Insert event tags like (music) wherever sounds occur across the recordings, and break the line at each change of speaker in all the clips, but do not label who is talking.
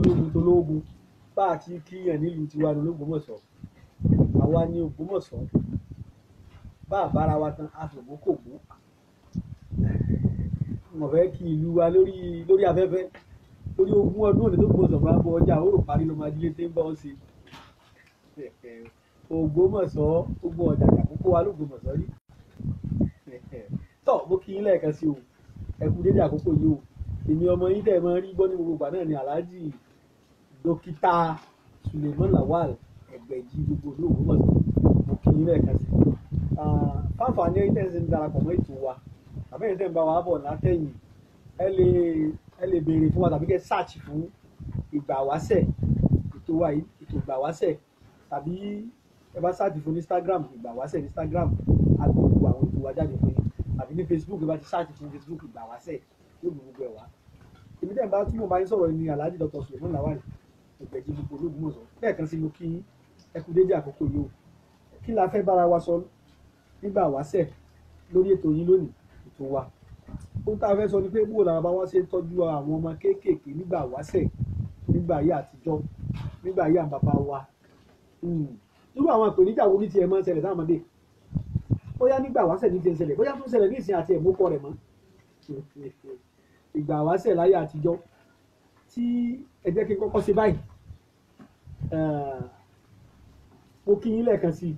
tológun tológun bá a ti kíyàn nílùú tiwa ní Ògbómọ̀ṣọ́ àwa ní Ògbómọ̀ṣọ́ bá a bára wa tan àfògbó kò gbó mo fẹ́ kí ìlú wa lórí lórí afẹ́fẹ́ lórí ogún ọdún òní tó gbọ́dọ̀ bá bọ ọjà ó rò parí ló máa dílé tí ń bá ọ ṣe Ògbómọ̀ṣọ́ ogun ọjà àkókò wa l'Ògbómọ̀ṣọ́ rí tọ́ mo kí yín lẹ́ẹ̀kan sí o ẹ kú dédé àkókò yìí o èmi ọmọ yín tẹ̀ máa ń rí gbọ́ ní gbogbo ìgbà náà ni aláàjì dókítà Suleiman Lawal Ẹgbẹ̀ji gbogbo olóògbé mọ̀ mo kí yín lẹ́ẹ̀kan sí fáǹfààní ẹ̀yin tẹ̀sí ń darapọ̀ mọ́ ètò wa tàbí ẹ̀yin tẹ̀ ń bá wa bọ̀ látẹ̀yìn ẹ lè ẹ lè béèrè fún wa tàbí kẹ́ search fún ìgbà ètò wa ètò ìgbà tàbí ẹ bá search fún Instagram ìgbà Instagram agbègbè àwọn ètò wa jáde fún yín tàbí ní Facebook ẹ bá ti search fún Facebook ìgbà wáṣẹ̀ yóò gbogbo ẹ̀ wá èmi tẹ̀ ń bá tí mo bá yín sọ̀rọ̀ ni Dr. Suleiman Lawal ìgbẹ̀jì gbogbo olóògbòmọ̀sán lẹ́ẹ̀kan sí mo kí ẹkú dédé àkókò yìí o kí la fẹ́ bára wa sọ nígbà wáṣẹ̀ lórí ètò yín lónìí ètò wa ohun tá a fẹ́ sọ ni pé bó làwọn bá wá ṣe ń tọ́jú àwọn ọmọ kéékèèké nígbà wáṣẹ̀ nígbà ayé àtijọ́ nígbà ayé àbàbà wa hmm. irú àwọn ìpèníjà wo ní tiẹ̀ máa ń ṣẹlẹ̀ sáwọn ọmọdé bóyá nígbà wáṣẹ̀ ní tiẹ̀ ṣẹlẹ̀ bóyá tún ṣẹlẹ̀ ní ìsìn àti ẹ̀mú kọ rẹ̀ mọ́ ìgbà wáṣẹ̀ láyé àtijọ́ tí ẹ kí n kọ́kọ́ ṣe báyìí mo kí yín lẹ́ẹ̀kan sí i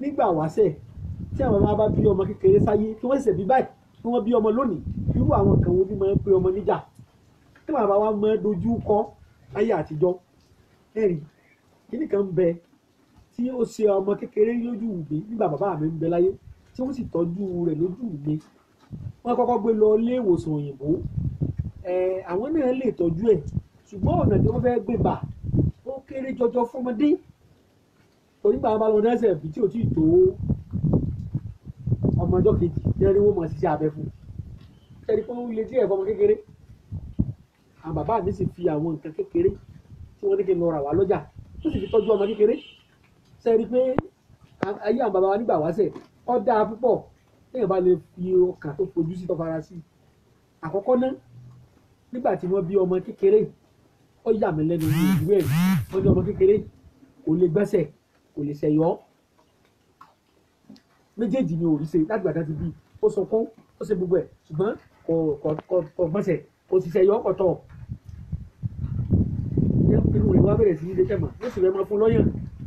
nígbà wáṣẹ̀ tí àwọn máa bá bí ọmọ kékeré sáyé tí wọ́n ṣẹ̀ṣẹ̀ bí báyìí tí wọ́n bí ọmọ lónìí irú àwọn kan wo bí máa pe ọmọ níjà tí màá wa máa dojú kọ láyé àtijọ́ ẹ̀rí kíní kan bẹ tí ó ṣe ọmọ kékeré lójú mi nígbà bàbá mi ń bẹ láyé tí wọ́n sì tọ́jú rẹ̀ lójú mi wọ́n kọ́kọ́ gbé lọ ilé ìwòsàn òyìnbó àwọn náà lè tọ́jú ẹ̀ ṣùgbọ́n ọ̀nà tí wọ́n fẹ́ gbé bà ó kéré jọjọ fọmọdé onígbà wọn bá lọ dẹ́sẹ̀ bí tí ò tí ì tó ọmọ ọjọ́ kejì lẹ́rìí wọ́n mọ̀ ṣiṣẹ́ abẹ fún ṣẹ́ni pé wọ́n lè tí ẹ̀fọ́ ọmọ kékeré àwọn bàbá mi sì fi àwọn nǹkan kékeré tí wọ́n ní kí n lọ rà wá lọ́jà tó sì fi tọ́jú ọmọ kékeré ṣẹ́ni pé ayé àwọn bàbá wa nígbà wáṣẹ̀ ó dáa púpọ̀ téèyàn bá lè fi ọkàn tó fojú sí tó àkọ́kọ́ náà nígbà tí wọ́n bí ọmọ kékeré ó yà mí lẹ́nu ní ìlú ẹ̀ wọ́n bí ọmọ kékeré kò lè gbẹ́sẹ̀ kò lè ṣẹ̀yọ́ méjèèjì ni òun ṣe láti gbàdá ti bí ó sunkún ó ṣe gbogbo ẹ̀ ṣùgbọ́n kò gbọ́sẹ̀ kò sì ṣẹ̀yọ́ kò tọ̀ inú rẹ̀ wá bẹ̀rẹ̀ sí ilé tẹ̀mọ̀ ó sì rẹ̀ máa fún lọ́yàn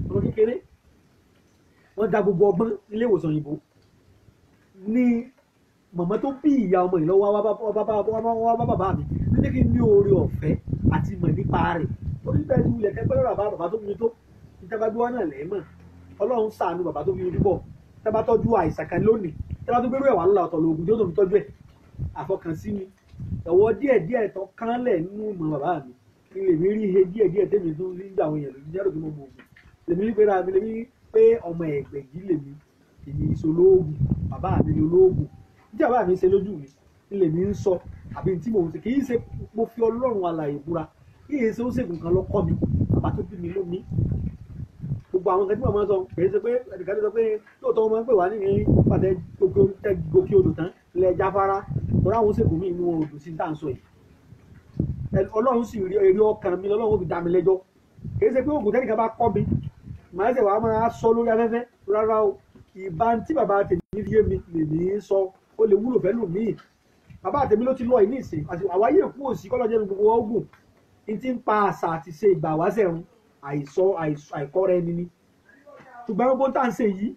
ọmọ kékeré wọ́n da gbogbo ọgbọ́n ilé ìwòsàn òyìnbó ní màmá tó bí ìyá ọmọ yìí lọ́wọ́ wá bá bàbá mi ní kí n ní oore ọ̀fẹ́ àti mọ̀ nípa rẹ̀ torí bẹ́ẹ̀ ni ilẹ̀ kẹgbẹ́ lọ́rọ̀ bàbá tó mi tó ìjọba gbé wọn náà lẹ́ẹ̀mọ̀ ọlọ́run ṣàánú bàbá tó fi ojú bọ̀ tẹ́bá tọ́jú àìsàn kan lónìí tẹ́bá tó gbérú ẹ̀ wà lọ́la ọ̀tọ̀ lóògùn tí ó tó fi tọ́jú ẹ̀ àfọkànsí mi ẹ̀wọ́ díẹ̀ díẹ̀ tán kánlẹ̀ nínú ìmọ̀ bàbá mi ilé mi rí he díẹ̀ díẹ̀ tèmi tó ń gbà àwọn èèyàn lójú jẹ́rò kí mo mọ ògùn àbí tí mo ń ṣe kì í ṣe mo fi ọlọ́run alààyè búra kì í ṣe ó ṣègùn kan lọ́kọ́ mi bàbá tó bí mi ló ní gbogbo àwọn kan tí màmá sọ kì í ṣe pé ẹnìkan tó sọ pé lóòótọ́ wọn máa ń pè wá ní pàtẹ gòkè odò tán ilẹ̀ jáfara tọ́lá àwọn ṣègùn mi inú odò sí tá à ń sọ yìí ọlọ́run sì rí eré ọkàn mi lọ́lọ́run fi dá mi lẹ́jọ́ kì í ṣe pé òògùn tẹ́nìkan bá kọ́ mi màá ṣe bàbá àtẹ̀mí ló ti lọ ìní ìsìn àwáyé èkú òsì kọ́lọ́ jẹ́ gbogbo ogun ní ti ń pa àṣà àti ṣe ìgbà wáṣẹ̀ ń àìsọ àìkọ́ra ẹni ni ṣùgbọ́n gbogbo tá à ń ṣe yìí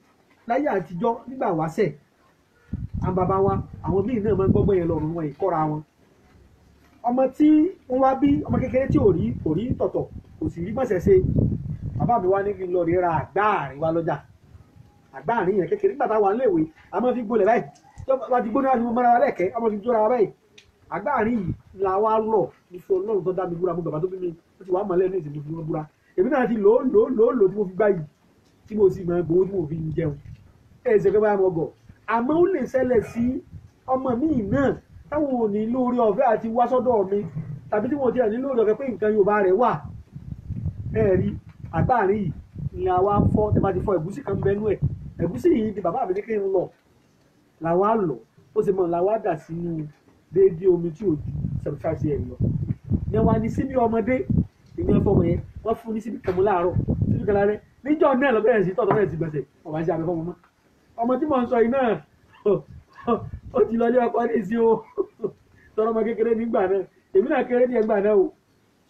láyé àtijọ́ nígbà wáṣẹ̀ àwọn bàbá wa àwọn míì náà máa ń gbọ́gbọ́ yẹn lọ́rùn wọn ìkọ́ra wọn ọmọ tí wọ́n wá bí ọmọ kékeré tí ò rí kò rí tọ̀tọ̀ kò sì rí gbọ̀nsẹ̀ ṣe bàbá mi wá ní kí n lọ rí ra àgbáàrin wa lọ́jà àgbáàrin yẹn kékeré nígbà táwa ń léèwé a máa fi gbolẹ̀ báyìí bá ti gbóná àti mọ́ra lẹ́kẹ̀ẹ́ ọmọ ti jóra báyìí àgbáàrin yìí la wá lọ mo fi ọlọ́run tó dá mi búra mo bàbá tó bí mi ó ti wà á mọ̀lẹ́ ní ìsìn mo fi wọn búra èmi náà ti lòó lòó lòó lòó tí mo fi gbá yìí tí mo sì mọ gbowó tí mo fi jẹun ẹ̀ ṣe pé báyà mo gọ̀ àmọ́ ó lè ṣẹlẹ̀ sí ọmọ mi náà táwọn ò ní lórí ọ̀fẹ́ àti wá sọ́dọ̀ mi tàbí tí wọ́n ti ní lórí ọ̀fẹ́ pé nǹkan Yorùbá rẹ̀ wà ẹ̀ rí àgbáàrin yìí ni àwa fọ́ tẹ́ bá ti fọ ẹ̀gúsí kan bẹ́nu ẹ̀ ẹ̀gúsí yìí ni bàbá mi ní lọ làwa lọ ó sì mọ làwa dà sínú déédéé omi tí ò ju seventy five cl lọ ní wa ní síbi ọmọdé ìyẹn fọmọ yẹn wọ́n fún ní síbi kàmú láàárọ̀ síbi kan lálẹ́ níjọ́ náà lọ bẹ̀rẹ̀ sí tọ̀tọ̀ bẹ̀rẹ̀ sí gbẹ̀sẹ̀ ọ̀wá sí abẹ́ fọmọ mọ́ ọmọ tí mò ń sọ yìí náà (laughs) ó ti lọ ilé ọkọ ní ìsìn o (laughs) tọrọ ọmọ kékeré nígbà náà èmi náà kéré ní ẹgbà náà o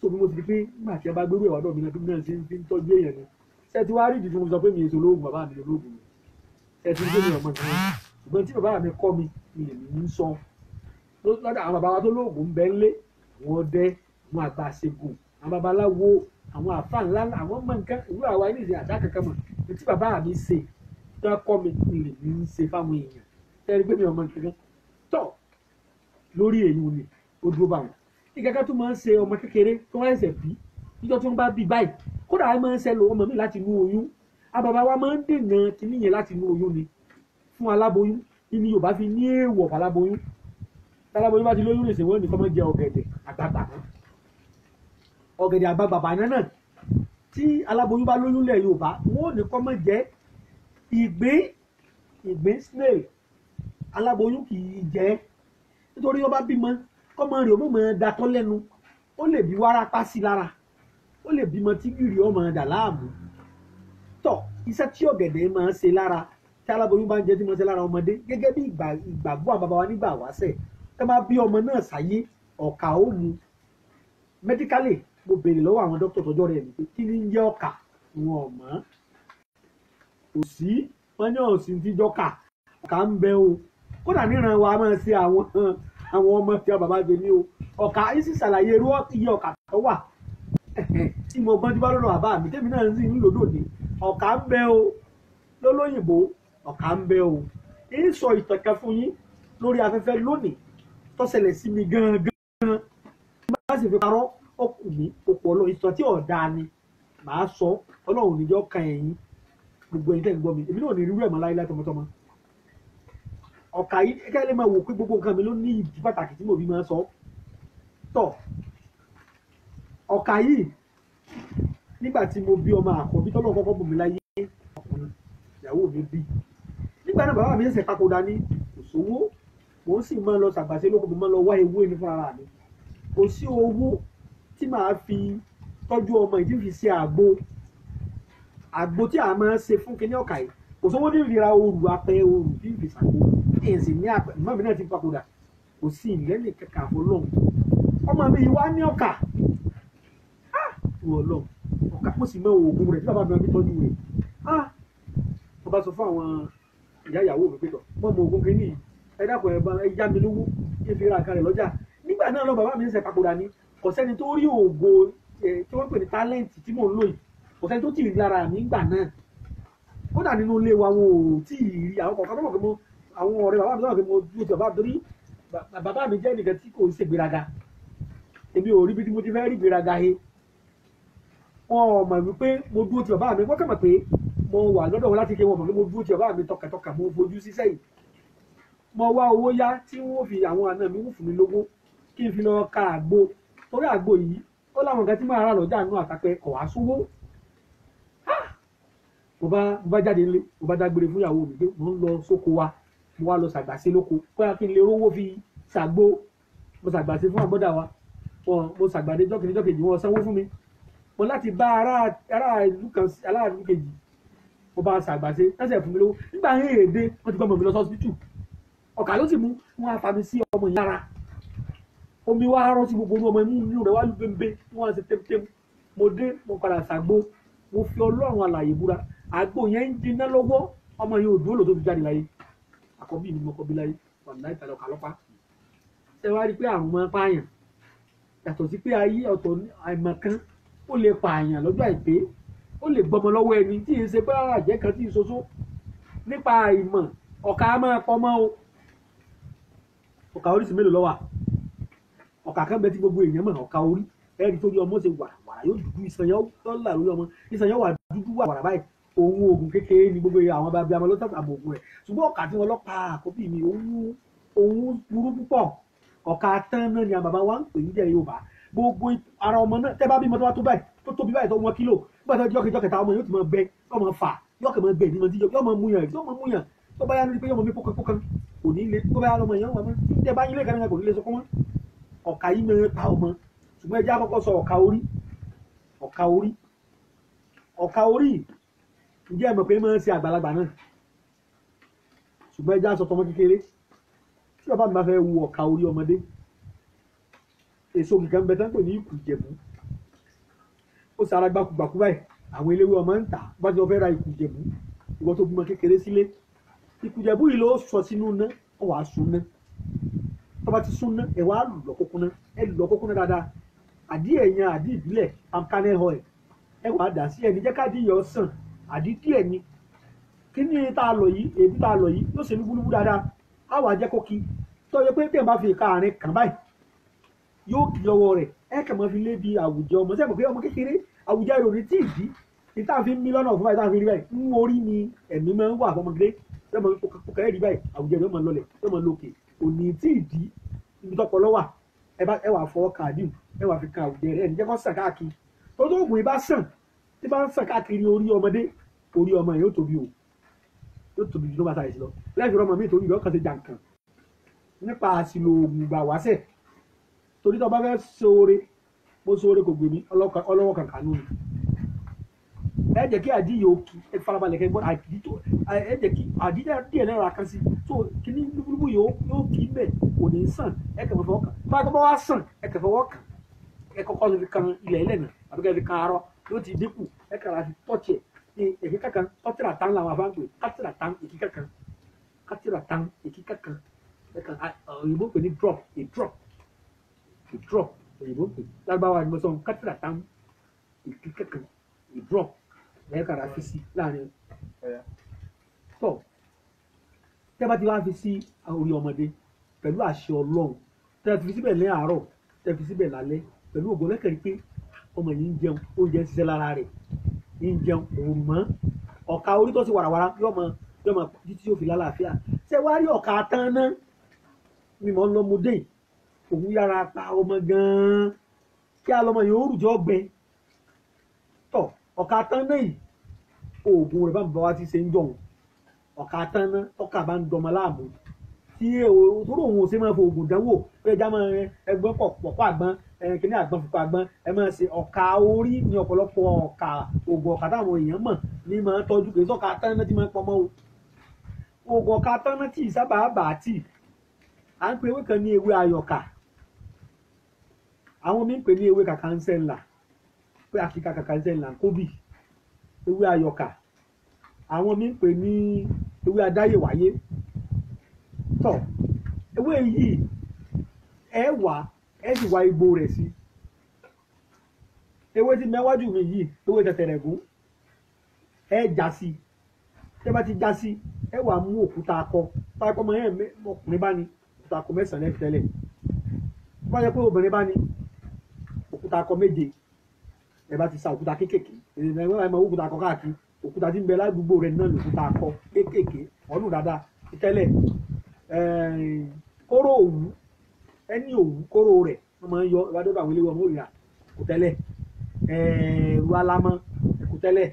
tó bí mo ti di pé nígbà tí ẹ bá gbérú ẹwà dọ̀mí náà bí náà fi ń tọ́jú èèyàn ni ṣé ti wá rí ìdí tí mo sọ pé mi èso lóògùn bàbá mi lóògùn ṣé ti gbé mi ọmọ nìyẹn ṣùgbọ́n tí bàbá mi kọ́ mi ni èmi ń sọ lọ́dọ̀ àwọn bàbá wa tó lóògùn ń bẹ ńlé wọn dẹ wọn àgbà ṣègùn àwọn babaláwo àwọn àfa ńlá àwọn ọmọ nǹkan ìlú àwa ní ìsìn àṣà kankan mọ̀ tí bàbá mi ṣe tó kọ́ mi ni èmi ń ṣe fáwọn èèyàn tẹ́rí gbé mi ọmọ kankan tọ̀ lórí èyí ni ó dúró bá wọn ìkẹ́kẹ́ tó máa ń ṣe ọmọ kékeré tó wáyé ṣẹ̀ bí níjọ́ tí wọ́n bá bí báyìí kódà á máa ń ṣẹlẹ̀ ọmọ mi láti inú oyún àbàbà wa máa ń dènà kínní láti inú oyún ni fún aláboyún ní Yorùbá fi ní èèwọ̀ fàláboyún táláboyún bá ti lóyún nìṣẹ́ wọ́n nìkan máa jẹ ọ̀gẹ̀dẹ̀ àgbààgbà ọ̀gẹ̀dẹ̀ àgbààgbà bàbá náà tí aláboyún bá lóyún lẹ̀ Yorùbá wọ́n nìkan máa jẹ ìgbín ìgbín snail aláboyún kì í jẹ nítorí ọba bímọ kọ́mọ rẹ̀ ọmọ máa datọ́ lẹ́nu ó lè bí wárápá sí lára ó lè bímọ tí gìrì ọmọ dà láàmú tọ iṣẹ́ tí ọ̀gẹ̀dẹ̀ máa ṣe lára tí aláboyún bá ń jẹ tí mo ṣe lára ọmọdé gẹ́gẹ́ bí ìgbàgbọ́ àbàbà wa nígbà wáṣẹ̀ tá máa bí ọmọ náà sáyé ọ̀kà ó mu mẹ́díkálì mo béèrè lọ́wọ́ àwọn dókítà tọjọ́ rẹ̀ nípe kí ni ń jẹ́ ọ̀kà wọn ò mọ̀ kò sí wọn ní ọ̀sìn tí jọ́kà ọ̀kà ń bẹ o kódà níran wa máa ṣe àwọn àwọn ọmọ tí a bàbá jẹ ní o ọ̀kà isi ṣàlàyé irú iye ọ̀kà tó wà tí mo gbọ́n tí bá lọ́dọ̀ bàbá mi tèmi náà ń sìn ń lòdò ní ń bẹ o lólóyìnbó ọ̀kà ń bẹ o ẹ ń sọ ìtàn kan fún yín lórí afẹ́fẹ́ lónìí tó ṣẹlẹ̀ sí mi gan-an gan-an bá sì fi parọ́ ọkùn mi òpò ọlọ́run ìtàn tí ọ̀dà ni màá sọ ọlọ́run níjọ́ kan ẹ̀yìn gbogbo ẹ̀yìn tẹ̀ ń gbọ́ mi èmi náà ní irú ẹ̀ mọ́ láyé láti tọmọtọmọ ọ̀kà yìí kẹ́kẹ́ lè máa wò pé gbogbo nǹkan mi ló ní ìdí pàtàkì tí mo fi máa sọ tọ̀ ọ̀kà yìí nígbà tí mo bí ọmọ àkọ́bí tọ́lọ́ kọ́kọ́ bùnmi láyé ọkùnrin ìyàwó mi bí nígbà náà bàbá mi ṣẹ̀ṣẹ̀ papòdà ní kò sówó mò ń sì máa lọ ṣàgbàṣe lóko mo máa lọ wá ewé ní fúnra mi kò sí owó tí màá fi tọ́jú ọmọ ìdí fi ṣe àgbo àgbo tí a máa ń ṣe fún kinní ọ̀kà yìí kò sówó ní ìlera oòrù apẹ oòrù bí ìfìsàgbó èèyàn sì ní àpẹ mọ́mí náà ti papòdà kò sí ìlẹ́nì kẹkẹ àfọlọ́hún ọmọ mi wá ní ọkà wọ lọ ọkà kó sì mọ oògùn rẹ tí bàbá mi wọn fi tọ́jú rẹ ọba sọ fún àwọn ìyá ìyàwó mi pẹ̀tọ̀ mọ́ mọ ogun kínní yìí ẹ dákun ẹ bá ẹ já mi lówó kí n fi ra àkàrẹ̀ lọ́jà nígbà náà lọ bàbá mi ń ṣe papòdà ni kò sẹ́ni tó rí ògo tí wọ́n pè ní tálẹ́ǹtì tí mò ń lò yìí kò sẹ́ni tó tì í lára mi gbà náà kódà nínú ilé wa wọn ò tí ì rí àwọn kọ̀ọ̀kan tó pé mo àwọn ọ̀rẹ́ bàbá mi tó pé mo ju ti bàbá torí bàbá mi jẹ́ nìkan tí kò ń ṣègbéraga èmi ò rí bí mo ti fẹ́ rí ìgbéraga he wọn ò mọ̀ wípé mo dúró ti bàbá mi wọ́n kàn mọ̀ pé mo wà lọ́dọ̀ wọn láti ké wọn mọ̀ pé mo dúró ti ọ̀bá mi tọkàtọkà mo fojú sí sẹ́yìn mo wá owó yá tí wọ́n fi àwọn àna mi wù fún mi lówó kí n fi lọ ka àgbo torí àgbo yìí ó láwọn nǹkan tí máa rà lọ́jà nínú àtàpẹ́ ọ̀wá sówó mo bá mo bá jáde nílé mo bá dágbére fún ìyàwó mi pé mo ń lọ sóko wa mo wá lọ ṣàgbàṣe lóko kóyà kí n lè rówó fi ṣàgbo mo ṣàgbàṣe fún àbọ́dà wa mo ṣàgbàdé jọ́kìnrin jọ́kìnrin wọn sanwó fún mi mo láti bá ará ará ìlú kan ará ìlú kejì mo bá ṣàgbàṣe tẹ́sẹ̀ fún mi lówó nígbà yẹn èdè wọ́n ti gbọ́ ọmọ mi lọ sọ́sibítù ọ̀kà ló sì mú wọn àfàmì sí ọmọ yìí lára omi wá rọ́ sí gbogbo ọmọ imú inú rẹ̀ wá lù bẹ́ẹ̀ wọ́n ṣe tẹ́mtẹ́m mo dé mo padà ṣàgbo mo fi ọlọ́run àlàyé búra àgbo yẹn ń jiná lọ́wọ́ ọmọ yìí ò dúró lòtó fi jáde láyé àkọ́bí mi mọ́kọ́ bí láyé wàlúùláì tàbí ọ̀kà lọ́pàá ṣe wá rí pé àrùn máa pààyàn yàtọ̀ sí pé ayé ọ̀tọ̀ àìmọ̀kan ó lè pààyàn lọ́jọ́ àìpé ó lè gbọmọ lọ́wọ́ ẹni tí ń ṣe pé rárá jẹ́ kan tí ń soso nípa ìmọ̀ ọ̀kà máa pọmọ́ o ọ̀kà orí sì mélòó ló wà ọ̀kà kan bẹ tí gbogbo èèyàn mọ̀ ọ̀kà orí ẹni tó rí ọmọ ṣe wàrà wàrà yóò dúdú ìsàn yẹn lórí ọmọ ìsàn wà dúdú wà wàrà báyìí òun oògùn kékeré ni gbogbo àwọn bàbá àmọ́ ló tàbí àbògùn rẹ̀ ṣùgbọ́n ọ̀kà tí wọ́n lọ́ pa àkóbí mi òun òun burú púpọ̀ ọ̀kà tán náà ni àwọn bàbá wa ń pè ní jẹ́ Yorùbá gbogbo ara ọmọ náà tẹ́ bá bímọ tó bá tó báyìí tó tóbi báyìí tó wọn kílò gbọ́dọ̀ jọ́kẹ́ jọ́kẹ́ ta ọmọ yóò ti máa bẹ ọmọ fà yọ́kẹ́ máa bẹ nímọ̀ díjọ́ yọ́mọ múyàn yọ́mọ múyàn tó bá yá lórí pé yọ́mọ mi pọ́kàn pọ́kàn kò ní le tó bá yá lọ́mọ yẹn wà mọ́ tẹ́ bá yín lé kan náà kò ní le sọ fún wọn ọ̀ka yìí máa ta ọmọ ṣùgbọ́n ẹjẹ́ àkọ́kọ́ sọ ọ̀ka orí ọ̀ka orí ọ̀ka orí ǹjẹ́ ẹ mọ̀ pé máa ń ṣe àgbàlagbà náà ṣùgbọ́n ẹjẹ́ àsọ tọmọ kékeré tí bàbá mi bá fẹ́ wu ọ̀ka orí ọmọdé èso kìkan bẹ tán pè ní ìkùjẹ̀bù ó sara gbakugbaku báyìí àwọn eléwé ọmọ ń tà bá ti lọ fẹ́ ra ìkùjẹ̀bú ìwọ tó bímọ kékeré sílé ìkùjẹ̀bú yìí ló sọ sínú ná ó wàá sun ná tó ti sun ná ẹ wàá lọ kókóná ẹ lọ kókóná dáadáa àdí ẹ̀yàn àdí ìbílẹ̀ amkanel oil ẹ wàá dà sí ẹni jẹ́ káàdì yọ sàn àdí díẹ̀ ni kí ni tá a lọ yìí èébú tá a lọ yìí yóò ṣe ní gbúlúgbú dáadáa á wàá jẹ́ kó kí yẹ pé tẹ̀ bá fi ìka kàn báyìí yóò kí lọ́wọ́ rẹ̀ ẹ kàn mọ́ fi lé bi àwùjọ ọmọ sẹ́mi pé ọmọ kékeré àwùjọ èrò ní tí ì dí ní tá à ń mí lọ́nà fún báyìí tá à ń fi orí ni ẹ̀mí máa ń wà fún ọmọdé sẹ́mi kò kẹ́ rí báyìí àwùjọ èrò máa lọlẹ̀ sẹ́mi lókè òní tí ì dí ibi tọpọ lọ́wà ẹ wà fọwọ́ kàdíù ẹ wà fi kan àwùjọ rẹ ẹni jẹ́ kó sàn káàkiri tó tó oògùn ibà sàn tí bá ń sàn káàkiri ní ìyọ́ kan torí tó bá fẹ́ sóore bó sóore kò gbèmí ọlọ́wọ́ kàkà nù ẹ jẹ́ kí àdí yòó kí ẹ farabalẹ̀ kẹ́ gbọ́ àdí tó ẹ jẹ́ kí àdí díẹ̀ náà ra kan sí tó kíní lúbúlúbú yòó yóò kí bẹ̀ kò ní sàn ẹ kẹfẹ fọwọ́ kàn bá a bá wá sàn ẹ kẹfẹ fọwọ́ kàn ẹ kọ́kọ́ fi kan ilẹ̀ ilẹ̀ náà àbí kẹ́ fi kan arọ yóò ti dínkù ẹ kàrà fi tọ́ọ̀tì ẹ̀ èkí kankan tọ́tìrà tán làwọn afáǹpẹ̀ kátìrà tán èkí kankan kátìrà tán èkí kankan òyìnbó pè drop a drop ìdúrọ̀ òyìnbó pè lágbáwá ni mo sọ kátìrà tá ń ìdí kankan ìdúrọ̀ lẹ́ẹ̀kára fi sí láàrin tọ́ tẹ́ bá ti wá fi sí orí ọmọdé pẹ̀lú àṣẹ ọlọ́run tẹ́ fi síbẹ̀ ní àárọ̀ tẹ́ fi síbẹ̀ lálẹ́ pẹ̀lú ògo lẹ́kẹ̀rí pé ọmọ yìí ń jẹun oúnjẹ ń ṣiṣẹ́ lára rẹ̀ ń jẹun òun mọ́ ọ̀ka orí tó sì wàràwàrà yóò mọ yóò mọ títí yóò fi lálàáfíà ṣé wàá rí ọ̀ka tán náà mímọ́ ń lọ yìí òun yára pa ọmọ gan-an kí a lọmọ yìí ó rùjọ́ gbẹ tọ ọ̀ka tán náà yìí oògùn rẹ̀ bá ń bá wa ti ṣe ń jọ̀hún ọ̀ka tán náà tọ́ka bá ń dọmọ láàmú tí òtúrò òun ò ṣe máa fo oògùn dánwò ó yẹ já máa ẹgbẹ́ pọ̀pọ̀ àgbọn kíní àgbọn fipá àgbọn ẹ máa ṣe ọ̀ka orí ní ọ̀pọ̀lọpọ̀ ọ̀ka oògùn ọ̀ka táwọn èèyàn mọ̀ ní máa tọ́jú kì í tán náà ti máa pọmọ́ o oògùn ọ̀ka tán náà tì í sábà tì à ń pe ewé kan ní ewé ayọ̀ka àwọn míì ń pè ní ewé kàkàńsẹ́ńlà pé àfikà kàkàńsẹ́ńlà kóbì ewé ayọ̀kà àwọn míì ń pè ní ewé adáyèwáyé tọ ewé yìí ẹ wà ẹ sì wá igbó rẹ̀ sí ewé tí mẹ́wájú mi yìí ewé tẹ̀tẹ̀rẹ̀gún ẹ já sí tẹ́ bá ti já sí ẹ wà mú òkúta akọ báyìí pọ́ mọ́ ẹ̀ ọkùnrin bá ní òkúta akọ mẹ́sàn-án ẹ̀ fi tẹ́lẹ̀ báyìí pé obìnrin bá ní òkúta akọ méje ẹ bá ti sa òkúta kéékèèké ẹ bá ma òkúta akọ káàkiri òkúta tí ń bẹ ládùúgbò rẹ náà lòkúta akọ kéékèèké ọ̀nù dáadáa tẹ́lẹ̀ kóró òwú ẹni òwú kóró rẹ̀ wọ́n máa ń yọ ìwádìí ọ̀dọ̀ àwọn ilé wọn mórìíra kò tẹ́lẹ̀ ẹ̀rù alamọ ẹ̀kú tẹ́lẹ̀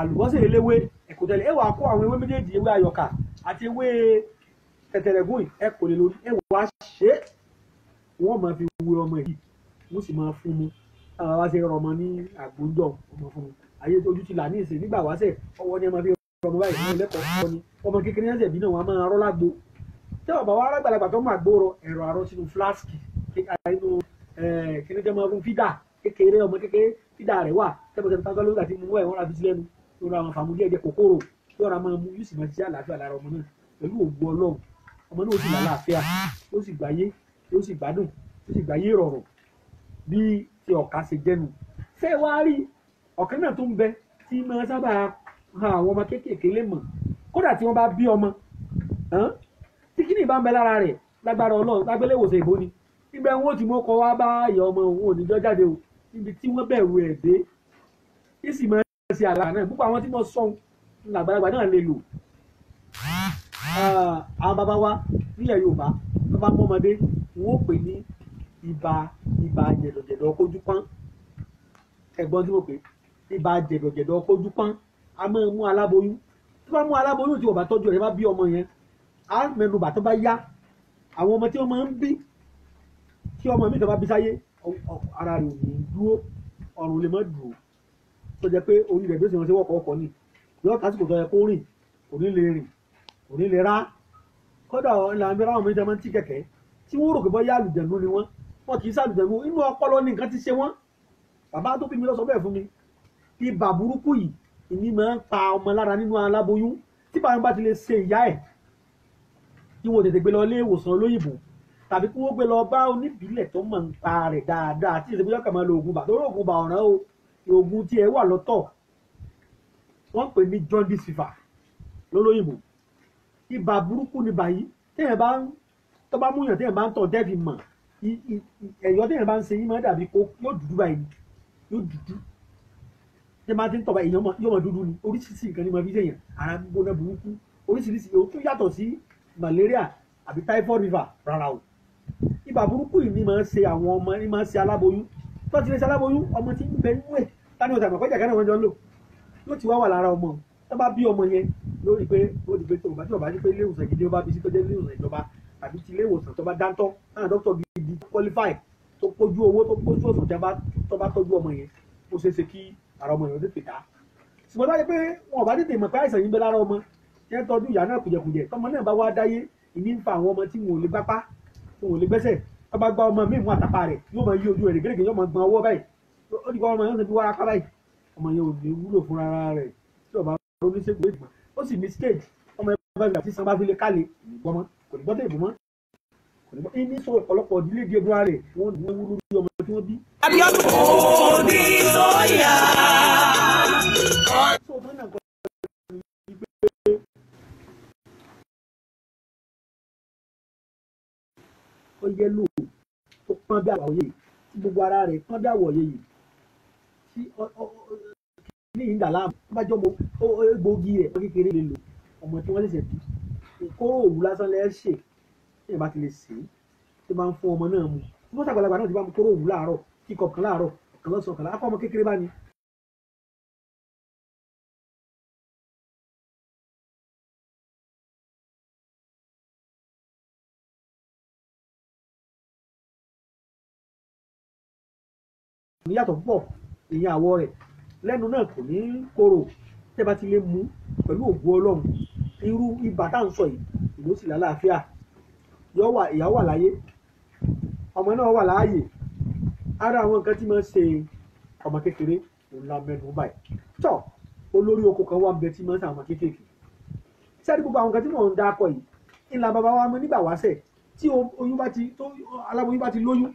àlùbọ́sẹ̀ eléwé ẹ̀kú tẹ́lẹ̀ ẹ̀wà kó àwọn ewé méjèèjì ewé ayọ̀kà àti ewé tẹ̀tẹ̀rẹ̀gùn ẹ̀ kò lè lórí ẹ̀wà ṣe wọ́n máa fi wé ọmọ yìí wọ́n sì máa fún mi táwọn bá ṣe rọmọ ní àgbóńjọ ọmọ fún mi ayé ojú ti là ní ìsìn nígbà wáṣẹ̀ ọwọ́ ni ẹ máa fi rọmọ báyìí ní ẹlẹ́kọ̀ọ́ ni ọmọ kékeré náà ṣẹ̀bí náà wọ́n á máa rọ́ lágbo tí bàbá wa arágbàlagbà tó máa gbòòrò ẹ̀rọ àrọ sínú fúláṣkì inú kíní jẹ́ máa fún fídà kékeré ọmọ kékeré fídà rẹ̀ wà tẹ́bọ̀tẹ́bọ̀ tá a gbọ́ lórí àti mú ẹ̀wọ̀n àfi sílẹ̀ nu lórí àwọn fàmú díẹ̀ díẹ̀ kòkòrò lọ́ra máa mú yóò sì máa ṣiṣẹ́ àlàáfíà lára ọmọ náà pẹ̀lú òògùn ó sì lálàáfíà ó sì gbádùn ó sì gbáyé rọrùn bí ti ọ̀ka ṣe jẹ́nu ṣé wá rí ọ̀kan náà tó ń bẹ tí máa sábà han àwọn ọmọ kéékèèké lè mọ̀ kódà tí wọ́n bá bí ọmọ tí kíní bá ń bẹ lára rẹ̀ lágbára ọlọ́run lágbéléwòsàn ìbò ni ibẹ̀ wọn ò ti mọ́kọ wá bá ìyá ọmọ òun òníjọ́ jáde o níbi tí wọ́n bẹ̀rù ẹ̀ dé kí sì máa ń ṣe àlà náà púpọ̀ àwọn tí wọ́n sọ làgbàlagbà náà lè lò àwọn bàbá wa nílẹ̀ Yorùbá bàbá mọ́mọdé wọ́n pè ní ibà ibà jẹ̀dọ̀jẹ̀dọ̀ kójú pọ́n ẹ̀gbọ́n tí mo pè ibà jẹ̀dọ̀jẹ̀dọ̀ kójú pọ́n a máa mú aláboyún tó bá mú aláboyún tí o bá tọ́jú rẹ̀ bá bí ọmọ yẹn á mẹ́nu bàtọ́ bá yá àwọn ọmọ tí wọ́n máa ń bí tí ọmọ mi kan bá bí sáyé ara rẹ̀ ò ní dúró ọ̀run lè má dùn tó jẹ́ pé orí rẹ̀ bí ó sì ránṣẹ́ wọ́kọ̀ ọkọ̀ ni yọ̀ọ́ kásìkò tó yẹ kó rìn kò ní lè rìn kò ní lè rá kódà ìlànà ìbẹ̀rẹ̀ àwọn ọmọ ìjọba ti kẹ̀kẹ́ tí wọ́n rò pé bọ́ yá àlùjẹ̀nu ni wọ́n wọn kì í sàlùjẹ̀nu inú ọpọlọ ní nǹkan ti ṣe wọ́n bàbá tó bí mi lọ sọ bẹ́ẹ̀ fún mi ibà burúkú yìí ìní máa ń pa ọmọ lára nínú aláboyún tí bàbá bá ti lè ṣe ìyá ẹ̀ kí wọ́n tètè gbé lọ ilé ìwòsàn olóyìnbó tàbí kí wọ́n gbé lọ bá oníbílẹ̀ tó mọ̀ ń pa rẹ̀ dáadáa tí ìṣèpéjọ́ kàn máa lo oògùn bà tó lóògùn bà ọ̀ràn o oògùn tí ẹ wà lọ́tọ̀ wọ́n pè ní jaundice fever lólóyìnbó ibà burúkú ni bàyí téèyàn bá ń tọ́ bá múyàn téèyàn bá ń tọ̀ dẹ́ẹ̀dì mọ̀ ẹ̀yọ́ tẹ̀yìn bá ń ṣe yín máa dàbí kó yóò dúdú báyìí yóò dúdú tẹ máa ti ń tọ̀ba èèyàn yóò máa dúdú ni oríṣiríṣi nǹkan ni mo fi ṣèyàn ara gbígbóná burúkú oríṣiríṣi òun tún yàtọ̀ sí malaria àbí typhoid fever rárá o ibà burúkú yìí ni máa ń ṣe àwọn ọmọ ni máa ń ṣe aláboyún tó ti lè ṣe aláboyún ọmọ tí ń bẹ nínú ẹ̀ tani ọ̀sẹ̀ àmọ̀ kọjá kẹ́nà wọn jọ ń lò yóò ti wá wà lára ọmọ tó bá bí ọmọ yẹn lórí pé lórí pé tó bá tí ò bá ní pé ilé ìwòsàn gidi ó bá bí sí tó jẹ́ ilé ìwòsàn ìjọba tàbí ti ilé ìwòsàn tó bá dáńtọ́ náà dókítà gidi qualify tó pójú owó tó pójú òsùn tó bá tọ́jú ọmọ yẹn ó ṣeé ṣe kí ara ọmọ yẹn ó tètè dá ṣùgbọ́n báyìí pé wọn ò bá tètè mọ̀ pé àìsàn yìí ń bẹ lára ọmọ yẹn tọ́jú ìyá náà kùjẹkùjẹ tọmọ náà bá wá dáyé ìní ń fa àwọn ọmọ tí wọn ò lè gbápá tí wọn ò lè gbẹ́sẹ̀ tó bá gbá ọmọ míì mú àtàpá rẹ̀ yóò máa yí ojú rẹ̀ gẹ́gẹ́ yóò máa gbọn ọwọ́ báyìí ó dìgbà ọmọ yẹn ti wára ká báyìí ọmọ yẹn ò lè wúlò fún ara rẹ̀ tí ọba ronú ṣègùn ìgbọ̀n ó sì ní stage ọmọ yẹn bá gbà tí sanba fi lè kálẹ̀ ìgbọ́mọ kò ní gbọ́dọ̀ ìbò mọ́ ní sọ ọ̀pọ̀lọpọ̀ ìdílé di egun ààrẹ wọ́n ní wú lórí ọmọ tí wọ́n bí. ó yẹ lò tó pọ́n bí àwọ̀ yìí tí gbogbo ara rẹ̀ pọ́n bí àwọ̀ yìí tí ní ìdá láàmú tó bá jọ́ egbòogi rẹ̀ kékeré lè lò ọmọ tí wọ́n ṣẹ̀ṣẹ̀ bí kóró òwú lásán lẹ́ẹ̀ ṣe èèyàn bá ti lè sè é tó bá ń fún ọmọ náà mu bó sàgbàlagbà náà ti bá mu kóró òwú láàárọ̀ kíkọ̀ kan láàárọ̀ kan lọ́sàn-án kan láàárọ̀ akọ́ ọmọ kékeré bá ní níyàtọ̀ púpọ̀ ìyẹn àwọ̀ rẹ̀ lẹ́nu náà kò ní korò tẹ́ bá ti lè mú pẹ̀lú ògùn ọlọ́run irú ibà tá à ń sọ yìí ìlú sì lálàáfíà ìyá wà láyé ọmọ náà wà láàyè ara àwọn nǹkan tí máa ṣe ọmọ kékeré òun la mẹ́nu báyìí tọ olórí oko kan wà bẹ tí máa ń ṣe àwọn sẹ́ni gbogbo àwọn nǹkan tí mò ń dákọ yìí ìlànà bàbá wa mọ nígbà wáṣẹ̀ tí oyún bá ti tó aláboyún bá ti lóyún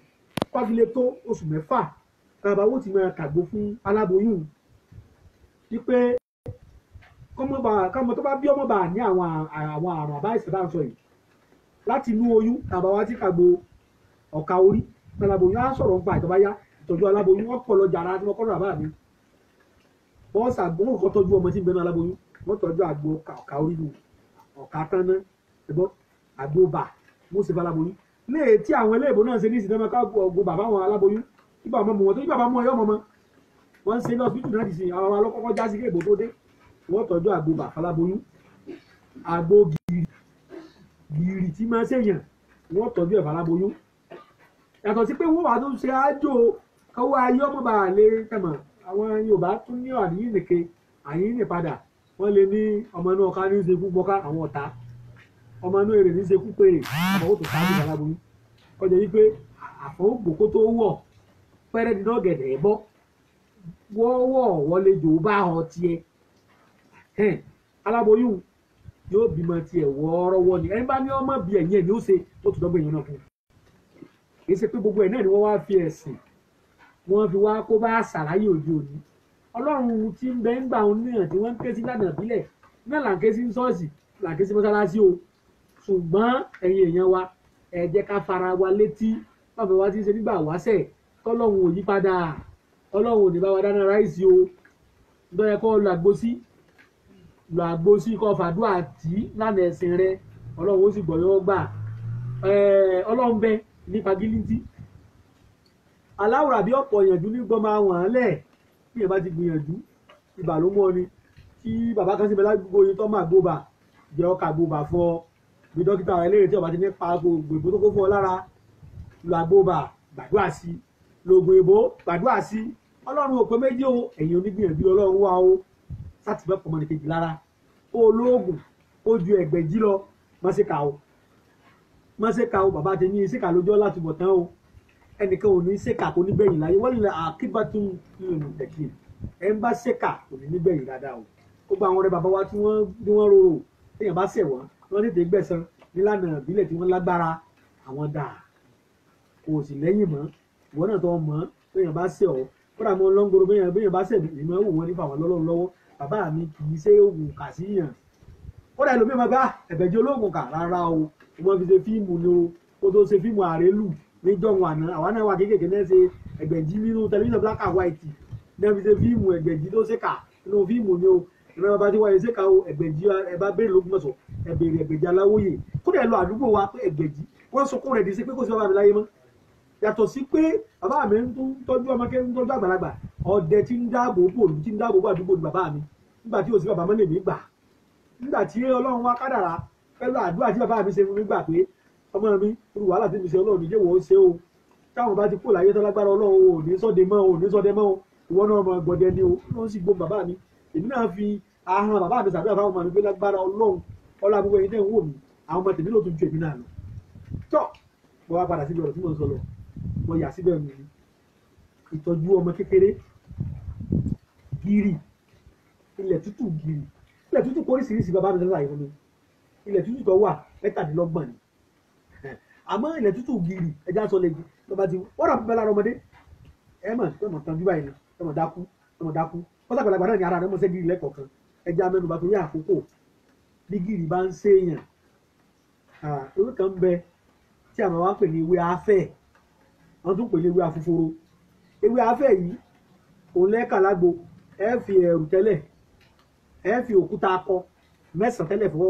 pàbílẹ̀ tó oṣù mẹ́fà kàbáwò ti máa kàgbó fún aláboyún wípé kọ́mọ tó bá bí ọmọ bá ní àwọn àrùn àbáyèsí bá ń sọ yìí láti inú oyún tàbá wá sí kàgbo ọ̀ka orí aláboyún á sọ̀rọ̀ nípa ìtọ́ba yá ìtọ́jú aláboyún wọ́n kọ́ lọ jàrá tí wọ́n kọ́ lọ bàbá mi wọ́n ṣàgbọ́n wọn kọ́ tọ́jú ọmọ tí ń bẹ ní aláboyún wọ́n tọ́jú àgbo ọ̀ka orí nù ọ̀ka tánná ẹ̀gbọ́n àgbo bà wọ́n ṣe balaboyún léè tí àwọn eléèbó náà ṣe ní ìsìnkú ká ọgbọ bàbá wọn aláboyún ibà ọmọ mu wọn tó ibà bá mú ọyọ ọmọ mọ wọn ṣe ní ọsibítù náà ti àwọn alọ́kọ́kọ́ já sí ilé tó dé wọ́n tọ́jú àgbo bà falaboyún àgbo gìrì tí máa ṣèyàn wọ́n tọ́jú ẹ̀fà aláboyún yàtọ̀ sí pé wọ́n wàá tún ṣe àjò káwọ́ ayé ọmọ bàa lè tẹ̀mọ̀ àwọn Yorùbá tún ní àdéhùn nìke àyín ní padà wọ́n lè ní ọmọ inú ọ̀ka ní í ṣe púpọ̀ ká àwọn ọ̀tá ọmọ inú èrè ní í ṣe púpọ̀ èrè ọmọ òtún sáájú aláboyún ọjọ́ yìí pé àfọwọ́gbòkó tó wọ̀ pẹ́rẹ́ dídán gẹ̀dẹ̀ bọ́ wọ́wọ́ wọlé jòó bá ọ tiẹ̀ aláboyún yóò bímọ tiẹ̀ wọ́ọ́rọ́wọ́ ni ẹni bá ní ọmọ bíi ẹ̀yìn ẹ̀ ni ó ṣe tó tún dọ́gba èèyàn náà fún un kì pé gbogbo ẹ̀ náà ni wọ́n wá fi ẹ̀sìn wọ́n fi wá kó bá àṣàráyè òde òní ọlọ́run tí ń bẹ ń gbà òun níyàn tí wọ́n ń ké sí lànà ìbílẹ̀ náà là ń ké sí ṣọ́ọ̀ṣì là ń ké sí mọ́ṣáláṣí o ṣùgbọ́n ẹ̀yin èèyàn wa ẹ jẹ́ ká fara wa létí bàbá wa ti ń ṣe nígbà wáṣẹ̀ tọ́lọ́run ò yí padà ọlọ́run ò ní bá lọ àgbo sí kọ́ fàdúrà tí lánàá ẹ̀sìn rẹ ọlọ́run ó sì gbọ́ yọ́ gbà ọlọ́run bẹ nípa gílíntì aláwòrán àbí ọ̀pọ̀ ìyànjú ní gbọ́n máa wọ̀n án lẹ̀ bí èèyàn bá ti gbìyànjú ibà ló mọ́ ni kí bàbá kan síbi ládùúgbò yìí tọ́ máa gbóbà jẹ́ ọkà gbóbà fún ọ bí dókítà rẹ léèrè tí ọba ti ní pa gbogbo ìbò tó kó fún ọ lára lọ àgbóbà gbàdúrà sí lògùn ìbò gbàdúrà sí ọlọ́run òpè méjì o ẹ̀yin onígbìyànjú ọlọ́run wá o sátìfẹ́ fọmọ ní kejì lára olóògùn ó ju ẹgbẹ̀jì lọ mọ́síkà o mọ́síkà o bàbá àti ní síkà lójọ́ láti bọ̀ tán o ẹnìkan ò ní síkà kò ní gbẹ̀yìn láyé wọ́n lè àkíbàtún nínú tẹ̀kí ẹ̀ ń bá síkà kò ní gbẹ̀yìn dáadáa o gbogbo àwọn ọ̀rẹ́ bàbá wa tí wọ́n bí wọ́n rorò téèyàn bá ṣẹ̀ wọ́n wọ́n tètè gbẹ̀san nílànà ìbílẹ̀ tí wọ́n lágbára àwọn dà kò sì lẹ́yìn mọ́ ìwọ náà tó mọ́ téèyàn bá ṣẹ̀ ọ́ kódà mọ́ lọ́ngoro béèyàn bá ṣẹ̀ ìmọ̀ wò wọ́n nípa àwọn lọ́lọ́run lọ́wọ́ bàbá mi kì í ṣe oògùn kà sí yàn kódà ẹlòmíì máa bá ẹ̀bẹ̀jẹ̀ olóògùn kà rárá o wọ́n fi ṣe fíìmù ni o kó tó ṣe fíìmù àrélù níjọ́ wọn àná àwa náà wà kéékèèké náà ṣe ẹgbẹ̀jì nínú tẹlifíṣàn black and white náà fi ṣe fíìmù ẹgbẹ̀jì tó ṣe kà nínú fíìmù ni o ìran bá ti wáyé ṣe kà o ẹgbẹ̀jì ẹ bá béèrè lógún mọ̀sọ̀ ẹ béèrè ẹgbẹ̀jì aláwòye kódà ẹ lọ àdúgbò wa pé ẹgbẹ̀jì wọ́n sunkún rẹ̀ di sí pé kò sí bàbá mi láyé mọ́ yàtọ̀ sí pé bàbá mi ń tọ́jú ọmọ kẹ́ ń tọ́jú àgbàlagbà ọdẹ tí ń dáàbò bò tí ń dáàbò bò àdúgbò ni bàbá mi nígbà tí òsì bàbá mọ́lẹ̀ mi gbà nígbà tí ọlọ́run wá kádàrá pẹ̀lú àdúrà tí bàbá mi ṣe fún mi gbà pé ọmọ mi irú wàhálà tí mi ṣe ọlọ́run níjẹ́ wọ́n ṣe o táwọn bá ti kó láyé tán lágbára ọlọ́run ò ní sọ́dẹ mọ́ ò ní sọ́dẹ mọ́ ìwọ náà mọ gbọdẹ ni o ló ń sì gbó bàbá mi èmi náà fi ahọ́n bàbá mi ṣàdúrà fáwọn ọmọ mi pé lágbára ọlọ́run ọlá gbogbo ẹni tẹ́ ń wò mí àwọn ọmọ tèmi ló tún ju èmi ilẹ̀ tútù gírì ilẹ̀ tútù kó oríṣiríṣi bàbá mi lọ́la ìwọ ni ilẹ̀ tútù tó wà mẹ́tàdínlọ́gbọ̀n ni àmọ́ ilẹ̀ tútù gírì ẹja sọ lẹ́gbẹ̀ẹ́ lọ́ba ti wọ́n rà bẹ́ẹ̀ lára ọmọdé ẹ mọ̀ ẹ mọ̀ tán bíbá yìí ẹ mọ̀ dákú ẹ mọ̀ dákú kọ́sàgbàlagbà náà ni ara rẹ̀ mọ̀ sẹ́gìrì lẹ́kọ̀ọ̀kan ẹja mẹ́nuba torí àkókò bí gírì bá ń séèyàn ewé kan bẹ tí àwọn wa ń pè ní ewé afẹ́ wọ́n tún pè ní ewé afuforo ewé afẹ́ yìí òun lẹ́ka lágbo ẹ fi ẹ̀rù tẹ́lẹ̀ ẹ fi òkúta akọ mẹ́sàn-án tẹ́lẹ̀ fún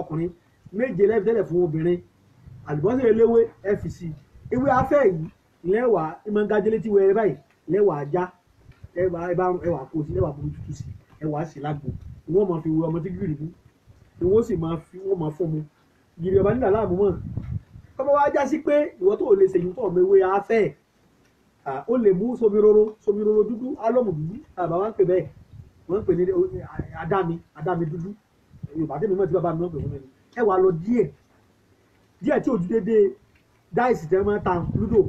ọkùnrin méje lẹ́fi tẹ́lẹ̀ fún obìnrin àlùbọ́sẹ̀ eléwé ẹ fi sí i ewé afẹ́ yìí lẹ́wàá ìmọ̀ gájẹ́lé tí wẹ́rẹ́ báyìí lẹ́wàá ajá ẹwà ẹwà kó sí lẹ́wàá burú tútù sí ẹwà sí lágbo wọ́n máa fi wo ọmọ tí gírì mú wọ́n sì máa fi wọ́n máa fún mu gírì ọba nílà láàmú mọ́ ọmọ wa já sí pé ìwọ tó lè ṣèyí tó ọmọ ewé afẹ́ ó lè mú somiroro somiroro dúdú álọ́mù dúdú àbáwá ń pè bẹ́ẹ̀ wọ́n ń pè ní adámi adámi dúdú yorùbá tẹ́mi mọ̀ tí bàbá mi wọ́n pè fún mi ni ẹ wàá lọ díẹ̀ díẹ̀ tí ojú dédé dáìsì tẹ́ máa ta lúdò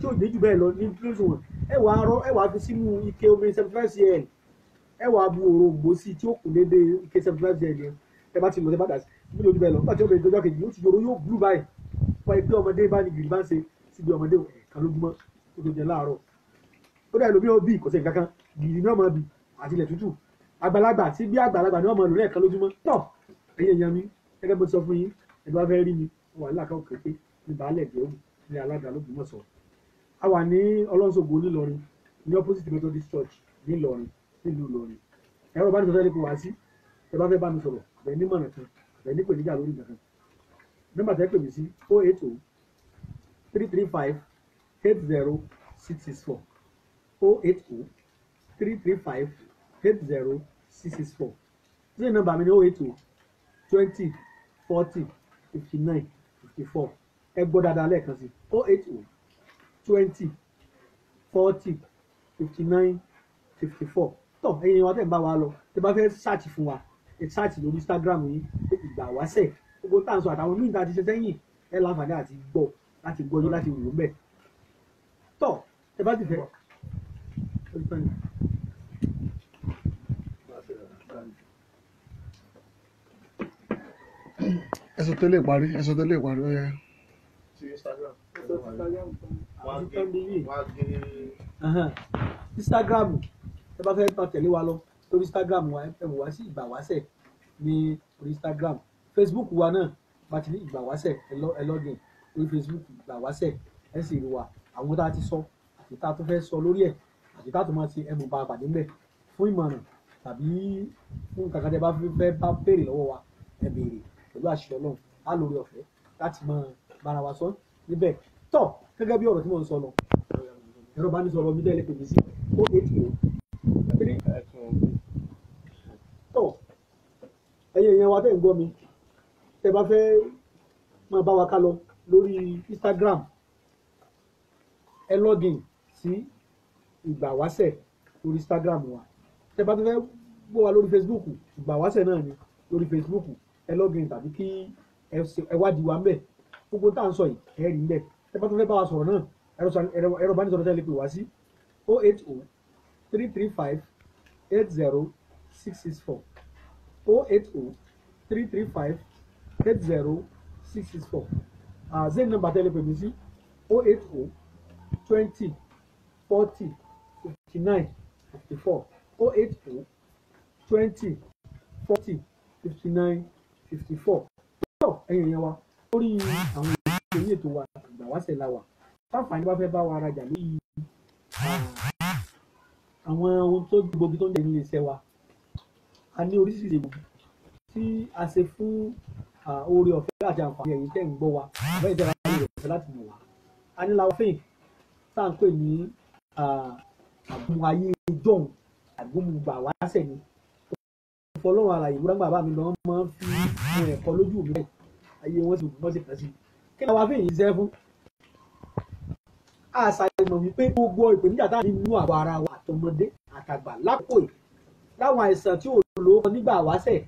tí ò ní jù bẹ́ẹ̀ lọ ní lóṣùwọ̀n ẹ wàá rọ ẹ wàá fi sínú ike omi seventy five cl ẹ wàá bu òròǹgbò sí tí ó kù dédé ike seventy five cl yẹn ẹ bá ti lọ ẹ bá dà sí bí ojú bẹ́ẹ̀ lọ nígbà tí ó bẹ̀rẹ̀ dọjọ́ kejì yóò ti yọrọ yóò blu báyìí fọ ẹgbẹ́ ọmọdé bá ní gìrì bá ń ṣe síbi àti ilẹ̀ tútù àgbàlagbà tí bí àgbàlagbà ni wọ́n mọ̀ lò lẹ́ẹ̀kan lójúmọ́ tọ̀ ẹ̀yin èèyàn mi gẹ́gẹ́ bó ti sọ fún yín ẹ̀dùn wa fẹ́ rí mi wà láàkà òkè pé ní baálẹ̀ ìdíyẹ̀wò ní alága lóògbómọ̀ṣọ́ a wà ní ọlọ́sọ̀gbò ńìlọrin ní opposite methodist church ńìlọrin nílùú ìlọrin ẹ̀rọ ìbánisọ̀rọ̀ ẹni kò wá sí ẹ bá fẹ́ bá mi sọ̀rọ̀ bẹ́ẹ̀ ní mọ̀nà kan bẹ́ẹ̀ ní pèníjà lórí nǹkan kan nọ́mbà tẹ́ pè mí sí oh eight oh three three zero six six four oh eight oh three three five eight zero six six four three number mi ni oh eight oh twenty forty fifty nine fifty four ẹ gbọ́ dáadáa lẹ́ẹ̀kan sí oh eight oh twenty forty fifty nine fifty four tọ ẹ̀yin wa tẹ́ ń bá wa lọ tẹ́ bá fẹ́ ṣáàtì fún wa ẹ ṣáàtì lórí Instagram yìí ìgbà wáṣẹ̀ gbogbo tá à ń sọ àtàwọn míì tá a ti ṣe sẹ́yìn ẹ láǹfààní àti gbọ́ láti gbọ́ yín láti wò ó mẹ́ tọ ẹ bá ti fẹ́. ẹsọ tó lè parí ẹsọ tó lè parí ó yẹ. Instagram ẹ bá fẹ́ tán tẹ̀lé wa lọ lórí Instagram wa ẹ wò wá sí ìgbàwásẹ̀ ní orí Instagram Facebook wa náà bá ti ní ìgbàwásẹ̀ ẹ lọ́gìn lórí Facebook ìgbàwásẹ̀ ẹ sì rí wa àwọn tá a ti sọ àti tá a tó fẹ́ sọ lórí ẹ̀ àti tá a tó máa ti ẹnu ba pàdé ńbẹ̀ fún ìmọ̀ràn tàbí fún kàkàtà bá fẹ́ bá béèrè lọ́wọ́ wa ẹ béèrè pẹ̀lú àṣẹ ọlọ́run á lórí ọ̀fẹ́ láti máa bára wa sọ níbẹ̀ tọ̀ gẹ́gẹ́ bí ọ̀rọ̀ tí mò ń sọ lọ ẹ̀rọ bá ní sọ̀rọ̀ mi dẹ́lẹ̀ pèmí sí ó ètò tọ̀ ẹ̀yin èèyàn wa tẹ̀ ń gbọ́ mi tẹ́ bá fẹ́ máa bá wa ká lọ lórí Instagram ẹ login sí ìgbàwásẹ̀ lórí Instagram wa tẹ́ bá fẹ́ gbọ́ wa lórí Facebook ìgbàwásẹ̀ náà ni lórí Facebook ẹ lọ́gìn tàbí kí ẹ wádìí wa mbẹ gbogbo tá à ń sọ yìí ẹ rí mbẹ ẹ bá tó fẹ́ bá wa sọ̀rọ̀ náà ẹ̀rọ bá ní sọ̀rọ̀ tẹ́lẹ̀ wá sí o oh eight o oh three three five eight zero six six four o oh eight o three three five eight zero six six four zen nọ́mbà tẹ́lẹ̀ pè sí o eight o twenty forty fifty nine fifty four o eight o twenty forty fifty nine fifty four tọ́ ẹ̀yin wa lórí àwọn ètò ètò wa ìgbà wáṣẹ̀ la wà táǹfààní bá fẹ́ bá wa rajà lórí àwọn ohun tó gbòógì tó ń jẹ́ nílé iṣẹ́ wa a ní oríṣiríṣi gbòógì tí a ṣe fún oore ọ̀fẹ́ àti àǹfààní ẹ̀yin tẹ́ ń gbọ́ wa àbẹ́ ìjọba ní ìrẹ̀ ọ̀fẹ́ láti mọ̀ wá a ní laofin tá à ń pè ní àgùnmu ayé jọ̀hún àgùnmu gbà wáṣẹ̀ ni fọlọ́run àlàyé múrágbà bá mi lọ́wọ́ máa ń fi ohun ẹ̀kọ́ lójú mi bẹ́ẹ̀ ayé wọn ti wọ́n ti kàn sí kí ni àwa fi yìí ṣẹ́ fún. a ṣàyẹ̀mọ̀ wípé gbogbo ìpèníjà tá a ní inú àwọ̀ ara wa àtọmọdé àtàgbà lápò láwọn àìsàn tí ò lò ó nígbà wáṣẹ̀